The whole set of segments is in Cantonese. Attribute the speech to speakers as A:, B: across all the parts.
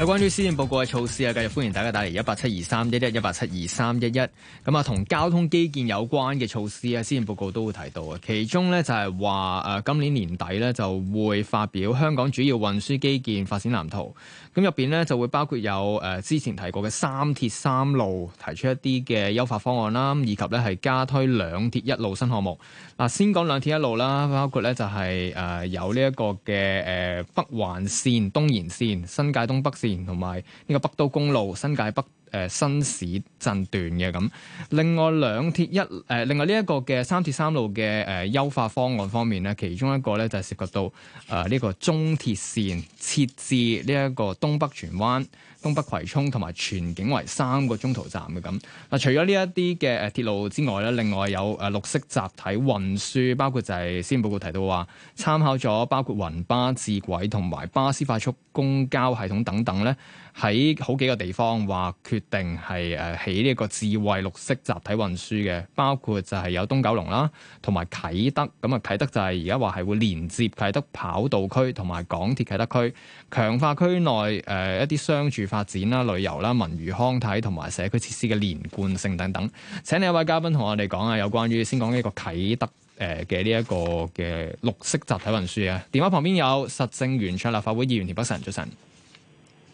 A: 有關於施政報告嘅措施啊，繼續歡迎大家打嚟一八七二三一一一八七二三一一。咁啊，同交通基建有關嘅措施啊，施政報告都會提到啊。其中咧就係話誒，今年年底咧就會發表香港主要運輸基建發展藍圖。咁入邊咧就會包括有誒之前提過嘅三鐵三路提出一啲嘅優化方案啦，以及咧係加推兩鐵一路新項目。嗱，先講兩鐵一路啦，包括咧就係誒有呢一個嘅誒北環線、東延線、新界東北線。同埋呢個北都公路新界北誒、呃、新市鎮段嘅咁。另外兩鐵一誒、呃，另外呢一個嘅三鐵三路嘅誒、呃、優化方案方面咧，其中一個咧就係、是、涉及到誒呢、呃這個中鐵線設置呢一個東北荃灣東北葵涌同埋荃景圍三個中途站嘅咁。嗱，除咗呢一啲嘅誒鐵路之外咧，另外有誒綠色集體運輸，包括就係施政報告提到話參考咗包括雲巴、智軌同埋巴士快速公交系統等等咧。喺好幾個地方話決定係誒起呢一個智慧綠色集體運輸嘅，包括就係有東九龍啦，同埋啟德。咁啊，啟德就係而家話係會連接啟德跑道區同埋港鐵啟德區，強化區內誒、呃、一啲商住發展啦、旅遊啦、文娛康體同埋社區設施嘅連貫性等等。請你一位嘉賓同我哋講下有關於先講呢個啟德誒嘅呢一個嘅綠色集體運輸啊。電話旁邊有實政圓桌立法會議員田北辰，早晨。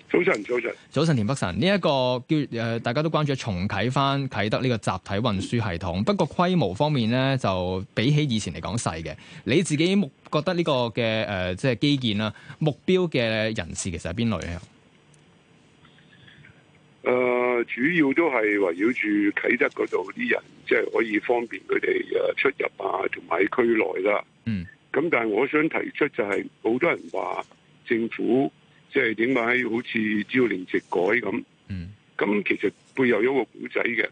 B: 早晨，早晨。
A: 早晨，田北辰，呢、這、一個叫誒，大家都關注重啟翻啟德呢個集體運輸系統，不過規模方面咧就比起以前嚟講細嘅。你自己目覺得呢個嘅誒，即係基建啦目標嘅人士其實係邊類啊？誒、
B: 呃，主要都係圍繞住啟德嗰度啲人，即、就、係、是、可以方便佢哋誒出入啊，同埋區內啦。嗯。咁但係我想提出就係、是，好多人話政府。即係點解好似招廉直改咁？咁、嗯、其實背後有一個古仔嘅。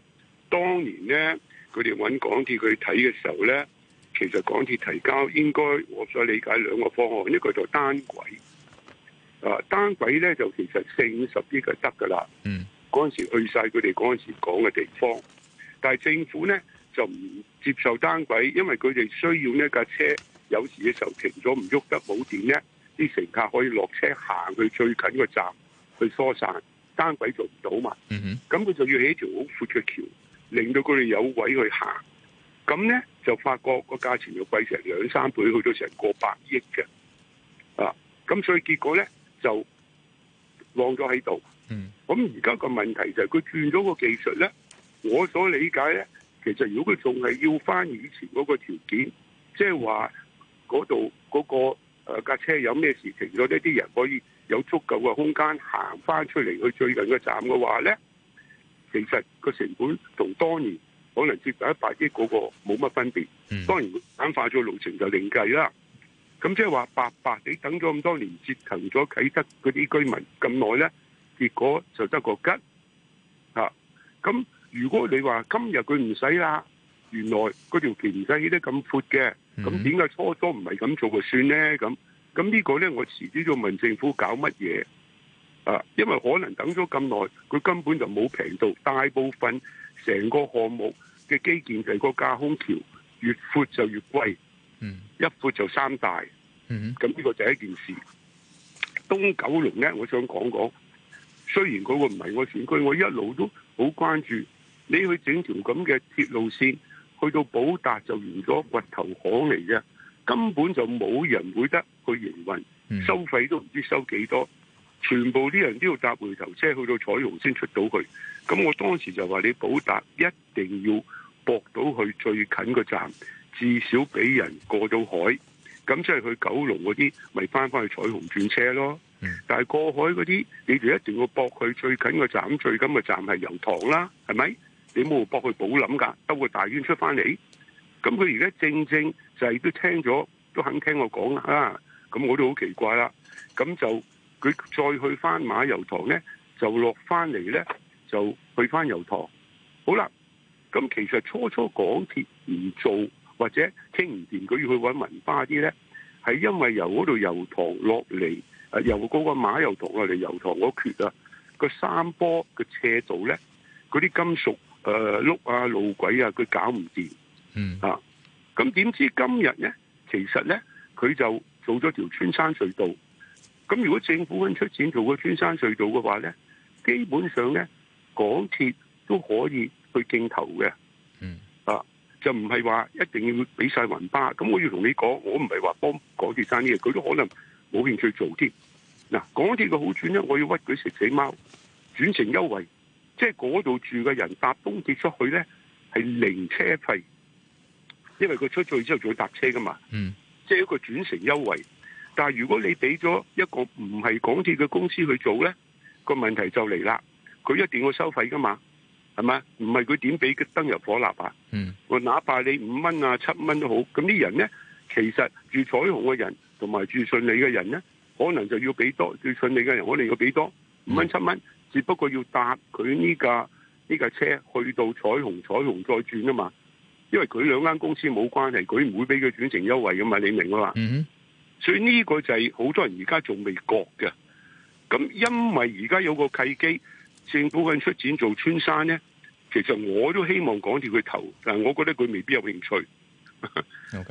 B: 當年咧，佢哋揾港鐵去睇嘅時候咧，其實港鐵提交應該我所理解兩個方案，一個就單軌。啊、呃，單軌咧就其實四五十億就得噶啦。嗯，嗰陣時去晒佢哋嗰陣時講嘅地方，但係政府咧就唔接受單軌，因為佢哋需要呢架車，有時嘅時候停咗唔喐得呢，冇電咧。啲乘客可以落車行去最近嘅站去疏散，單軌做唔到嘛？咁，mm-hmm，佢就要起一條好闊嘅橋，令到佢哋有位去行。咁咧就發覺個價錢要貴成兩三倍，去到成個百億嘅。啊！咁所以結果咧就晾咗喺度。咁而家個問題就係佢轉咗個技術咧。我所理解咧，其實如果佢仲係要翻以前嗰個條件，即係話嗰度嗰個。誒架車有咩事情，咗呢啲人可以有足夠嘅空間行翻出嚟去最近嘅站嘅話咧，其實個成本同當年可能接近一百億嗰個冇乜分別。Mm. 當然簡化咗路程就另計啦。咁即係話白白地等咗咁多年，折騰咗啟德嗰啲居民咁耐咧，結果就得個吉嚇。咁、啊、如果你話今日佢唔使啦，原來嗰條橋唔使起得咁闊嘅。咁點解初初唔係咁做就算呢？咁咁呢個呢，我遲啲就問政府搞乜嘢？啊，因為可能等咗咁耐，佢根本就冇平到，大部分成個項目嘅基建係個架空橋，越闊就越貴，嗯，一闊就三大，咁呢個就係一件事。東九龍呢，我想講講，雖然嗰個唔係我選區，我一路都好關注，你去整條咁嘅鐵路線。去到寶達就完咗，掘頭巷嚟啫，根本就冇人會得去營運，收費都唔知收幾多，全部啲人都要搭回頭車去到彩虹先出到去。咁我當時就話你寶達一定要駁到去最近個站，至少俾人過到海。咁即係去九龍嗰啲，咪翻翻去彩虹轉車咯。但係過海嗰啲，你哋一定要駁去最近個站，最近個站係油塘啦，係咪？你冇駁佢寶琳㗎，兜個大圈出翻嚟。咁佢而家正正就係都聽咗，都肯聽我講啊。咁我都好奇怪啦。咁就佢再去翻馬油塘咧，就落翻嚟咧，就去翻油塘。好啦，咁其實初初港鐵唔做或者傾唔掂，佢要去搵文化啲咧，係因為由嗰度油塘落嚟，由嗰個馬油塘落嚟油塘嗰橛啊，個山坡嘅斜度咧，嗰啲金屬。誒、呃，碌啊，路軌啊，佢搞唔掂，嗯啊，咁點知今日咧，其實咧佢就做咗條穿山隧道，咁如果政府肯出錢做個穿山隧道嘅話咧，基本上咧港鐵都可以去競投嘅，嗯啊，就唔係話一定要俾晒雲巴，咁我要同你講，我唔係話幫港鐵啲嘢佢都可能冇興趣做添，嗱、啊，港鐵嘅好轉咧，我要屈佢食死貓，轉成優惠。即係嗰度住嘅人搭東鐵出去咧，係零車費，因為佢出咗去之後仲要搭車噶嘛。嗯、mm.，即係一個轉乘優惠。但係如果你俾咗一個唔係港鐵嘅公司去做咧，個問題就嚟啦。佢一定要收費噶嘛，係咪？唔係佢點俾燈油火蠟啊？嗯，我哪怕你五蚊啊、七蚊都好，咁啲人咧，其實住彩虹嘅人同埋住順利嘅人咧，可能就要俾多，住順利嘅人可能要俾多、mm. 五蚊七蚊。只不過要搭佢呢架呢架車去到彩虹，彩虹再轉啊嘛，因為佢兩間公司冇關係，佢唔會俾佢轉成優惠噶嘛，你明啊嘛？Mm -hmm. 所以呢個就係好多人而家仲未覺嘅。咁因為而家有個契機，政府肯出錢做穿山呢，其實我都希望港鐵去投，但係我覺得佢未必有興趣。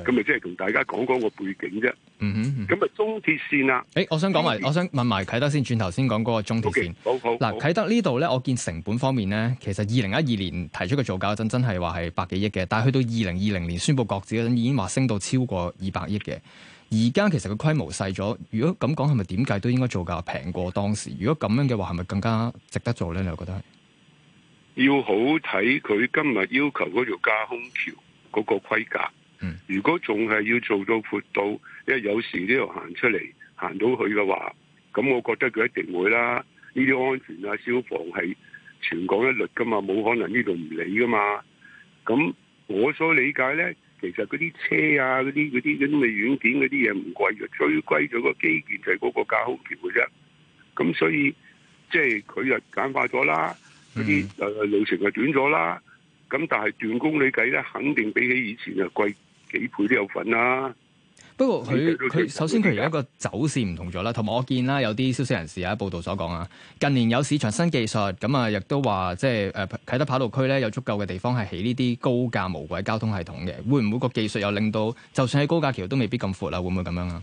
B: 咁咪即係同大家講講個背景啫。咁、mm -hmm. 啊，中鐵線啦
A: 誒，我想講埋，我想問埋啟德先，轉頭先講嗰個中鐵線。Okay. 好好嗱，啟德呢度呢，我見成本方面呢，其實二零一二年提出個造價嗰陣，真係話係百幾億嘅。但係去到二零二零年宣佈擱置嗰陣，已經話升到超過二百億嘅。而家其實個規模細咗，如果咁講，係咪點計都應該造價平過當時？如果咁樣嘅話，係咪更加值得做呢？你又覺得？
B: 要好睇佢今日要求嗰條架空橋嗰個規格。嗯、如果仲係要做到闊到，因為有時呢度行出嚟行到去嘅話，咁我覺得佢一定會啦。呢啲安全啊、消防係全港一律㗎嘛，冇可能呢度唔理㗎嘛。咁我所理解呢，其實嗰啲車啊、嗰啲嗰啲嗰啲軟軟件嗰啲嘢唔貴嘅，最貴咗個基建就係嗰個架空橋嘅啫。咁所以即係佢就簡化咗啦，嗰啲、嗯呃、路程就短咗啦。咁但係段公里計咧，肯定比起以前啊貴幾倍都有份啦，
A: 啊。不過佢佢首先佢有一個走線唔同咗啦。同埋我見啦，有啲消息人士喺報道所講啊，近年有市場新技術，咁啊亦都話即係誒啟德跑道區咧有足夠嘅地方係起呢啲高架無軌交通系統嘅。會唔會個技術又令到就算喺高架橋都未必咁闊啊？會唔會咁樣
B: 啊？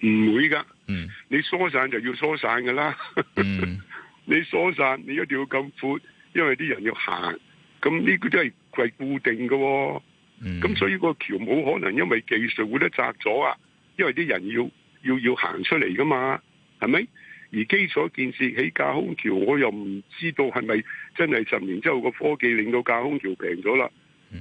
B: 唔會噶，嗯，你疏散就要疏散噶啦。嗯， 你疏散你一定要咁闊，因為啲人要行。咁、這、呢個都係係固定嘅，哦，咁、嗯、所以個橋冇可能因為技術會得窄咗啊，因為啲人要要要行出嚟噶嘛，係咪？而基礎建設起架空橋，我又唔知道係咪真係十年之後個科技令到架空橋平咗啦？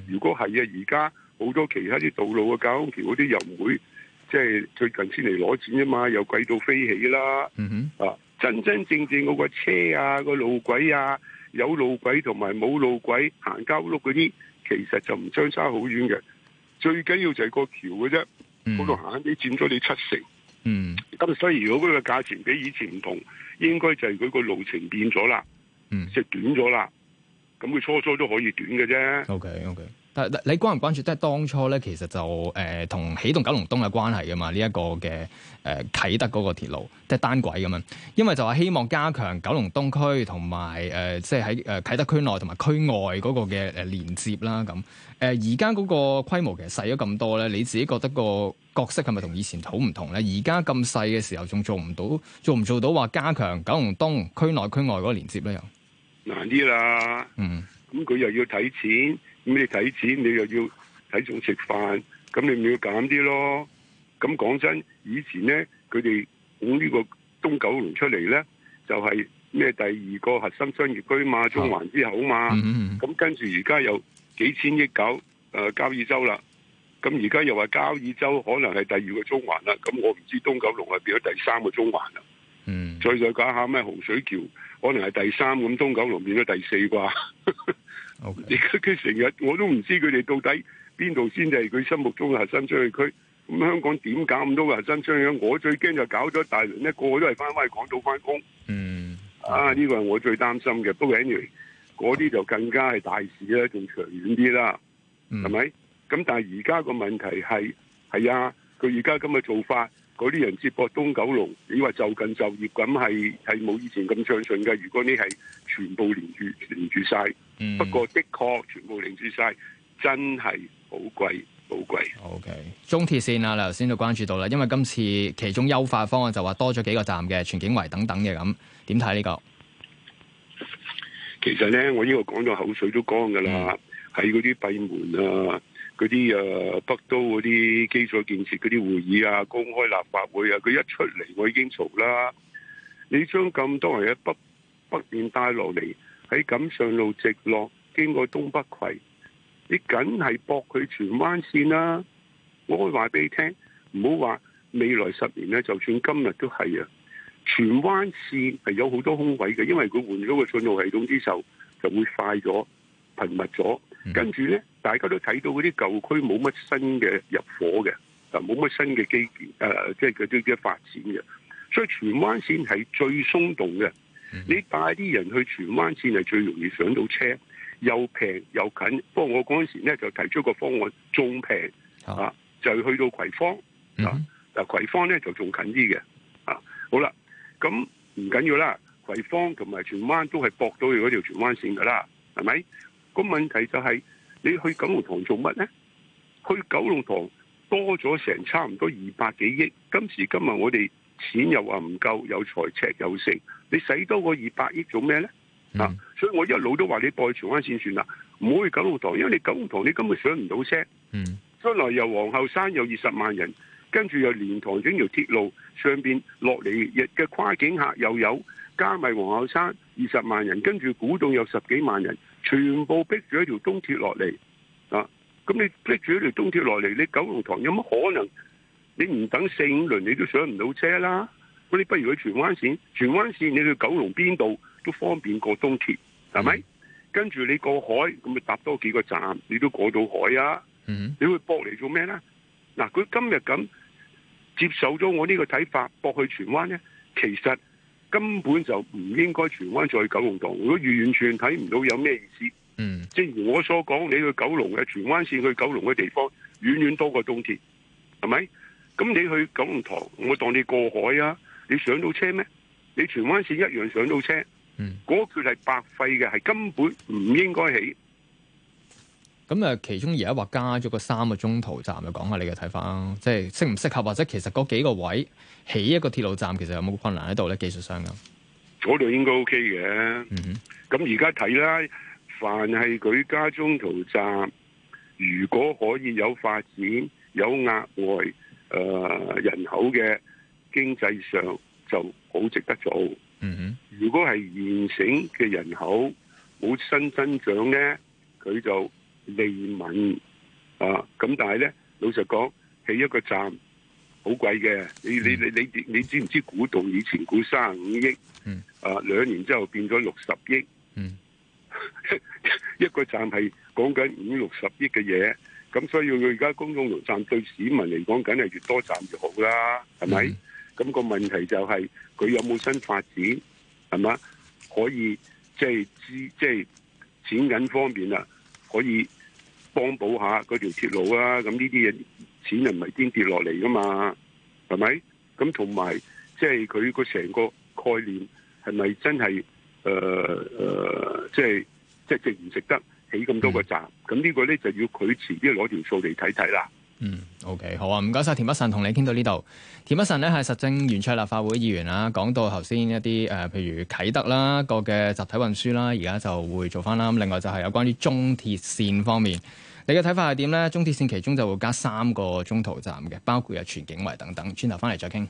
B: 如果係啊，而家好多其他啲道路嘅架空橋嗰啲又唔會，即、就、係、是、最近先嚟攞錢啊嘛，又貴到飛起啦！嗯、啊，真真正正嗰個車啊，個路軌啊。有路軌同埋冇路軌行交碌嗰啲，其實就唔相差好遠嘅。最緊要就係個橋嘅啫，嗰度行啲佔咗你七成。嗯，咁所以如果佢個價錢比以前唔同，應該就係佢個路程變咗啦，即、嗯、係短咗啦。咁佢初初都可以短嘅啫。OK OK。
A: 你關唔關注？即係當初咧，其實就誒同起動九龍東嘅關係嘅嘛？呢、這、一個嘅誒、呃、啟德嗰個鐵路，即係單軌咁樣。因為就話希望加強九龍東區同埋誒，即係喺誒啟德區內同埋區外嗰個嘅誒連接啦。咁誒而家嗰個規模其實細咗咁多咧，你自己覺得個角色係咪同以前好唔同咧？而家咁細嘅時候，仲做唔到，做唔做到話加強九龍東區內區外嗰個連接咧？又
B: 難啲啦。嗯，咁佢又要睇錢。咁你睇錢，你又要睇重食飯，咁你咪要減啲咯。咁講真，以前呢，佢哋講呢個東九龍出嚟呢，就係、是、咩第二個核心商業區嘛，中環之後嘛。咁、啊嗯嗯、跟住而家又幾千億搞誒、呃、交易州啦。咁而家又話交易州可能係第二個中環啦。咁我唔知東九龍係變咗第三個中環啦。嗯，再再講下咩洪水橋可能係第三，咁東九龍變咗第四啩？ 佢成日我都唔知佢哋到底邊度先係佢心目中嘅核心商業區，咁香港點搞咁多核心商業區？我最驚就搞咗大輪咧，個，個都係翻翻港島翻工。嗯、mm -hmm. 啊，啊、這、呢個係我最擔心嘅。不過 anyway 當然嗰啲就更加係大事啦，仲長遠啲啦，係、mm、咪 -hmm.？咁但係而家個問題係係啊，佢而家咁嘅做法，嗰啲人接駁東九龍，你話就近就業咁係係冇以前咁暢順嘅。如果你係全部連住連住晒。 不過的確全部零止晒，真係好貴，好貴。Okay.
A: 中鐵綫啊，你頭先都關注到啦，因為今次其中優化方案就話多咗幾個站嘅，荃景圍等等嘅咁，點睇呢個？
B: 其實咧，我呢個講到口水都乾噶啦，喺嗰啲閉門啊，嗰啲誒北都嗰啲基礎建設嗰啲會議啊，公開立法會啊，佢一出嚟我已經嘈啦。你將咁多人喺北北面帶落嚟？喺錦上路直落，經過東北葵，你梗係駁佢荃灣綫啦。我可以話俾你聽，唔好話未來十年咧，就算今日都係啊。荃灣綫係有好多空位嘅，因為佢換咗個信號系統之後，就會快咗、頻密咗、嗯。跟住咧，大家都睇到嗰啲舊區冇乜新嘅入伙嘅，啊，冇乜新嘅基建，誒、呃、即係嗰啲嘅發展嘅，所以荃灣綫係最鬆動嘅。Mm -hmm. 你帶啲人去荃灣綫係最容易上到車，又平又近。不過我嗰陣時咧就提出一個方案，仲平、oh. 啊，就去到葵芳、mm -hmm. 啊，嗱葵芳咧就仲近啲嘅啊。好啦，咁唔緊要啦，葵芳同埋荃灣都係駁到你嗰條荃灣綫噶啦，係咪？個問題就係、是、你去九龍塘做乜咧？去九龍塘多咗成差唔多二百幾億，今時今日我哋。錢又話唔夠，有財赤有剩，你使多個二百億做咩呢？啊、嗯！所以我一路都話你擺去荃灣線算啦，唔好去九龍塘，因為你九龍塘你根本上唔到車。嗯，將來由皇后山有二十萬人，跟住又蓮塘整條鐵路上面落嚟嘅跨境客又有，加埋皇后山二十萬人，跟住古洞有十幾萬人，全部逼住一條東鐵落嚟啊！咁你逼住一條東鐵落嚟，你九龍塘有乜可能？你唔等四五輪，你都上唔到車啦。你不如去荃灣綫，荃灣綫你去九龍邊度都方便過東鐵，係、嗯、咪？跟住你過海，咁咪搭多幾個站，你都過到海啊、嗯！你會駁嚟做咩呢？嗱、啊，佢今日咁接受咗我呢個睇法，駁去荃灣呢，其實根本就唔應該荃灣再去九龍塘，如果完全睇唔到有咩意思。嗯，正如我所講，你去九龍嘅荃灣綫去九龍嘅地方，遠遠多過東鐵，係咪？咁你去九龍塘，我當你過海啊？你上到車咩？你荃灣線一樣上到車。嗯，嗰個決定白費嘅，係根本唔應該起。
A: 咁、嗯、啊，其中而家話加咗個三個中途站，就講下你嘅睇法啦。即係適唔適合，或者其實嗰幾個位起一個鐵路站，其實有冇困難喺度咧？技術上嘅，
B: 嗰度應該 OK 嘅。嗯哼，咁而家睇啦，凡係佢加中途站，如果可以有發展，有額外。誒、呃，人口嘅經濟上就好值得做。嗯哼，如果係現成嘅人口冇新增長呢，佢就利民。啊。咁但係呢，老實講，起一個站好貴嘅。你你你你，你，你知唔知道古洞以前估三五億？嗯，啊，兩年之後變咗六十億。嗯。一個站係講緊五六十億嘅嘢，咁所以佢而家公眾路站對市民嚟講，梗係越多站越好啦，係咪？咁、嗯個問題就係、是、佢有冇新發展，係嘛？可以即係資即係錢方面啦，可以幫補下嗰條鐵路啊。咁呢啲嘢錢係唔係先跌落嚟噶嘛？係咪？咁同埋即係佢個成個概念係咪真係誒誒即係？呃呃就是即係值唔值得起咁多站，嗯，個站咁呢個咧，就要佢遲啲攞條數
A: 嚟睇睇啦。嗯，OK，好啊，唔該晒田北辰同你傾到呢度。田北辰咧係實政圓桌立法會議員啊，講到頭先一啲誒，呃，譬如啟德啦個嘅集體運輸啦，而家就會做翻啦。咁另外就係有關於中鐵線方面，你嘅睇法係點咧？中鐵線其中就會加三個中途站嘅，包括有荃景圍等等。轉頭翻嚟再傾。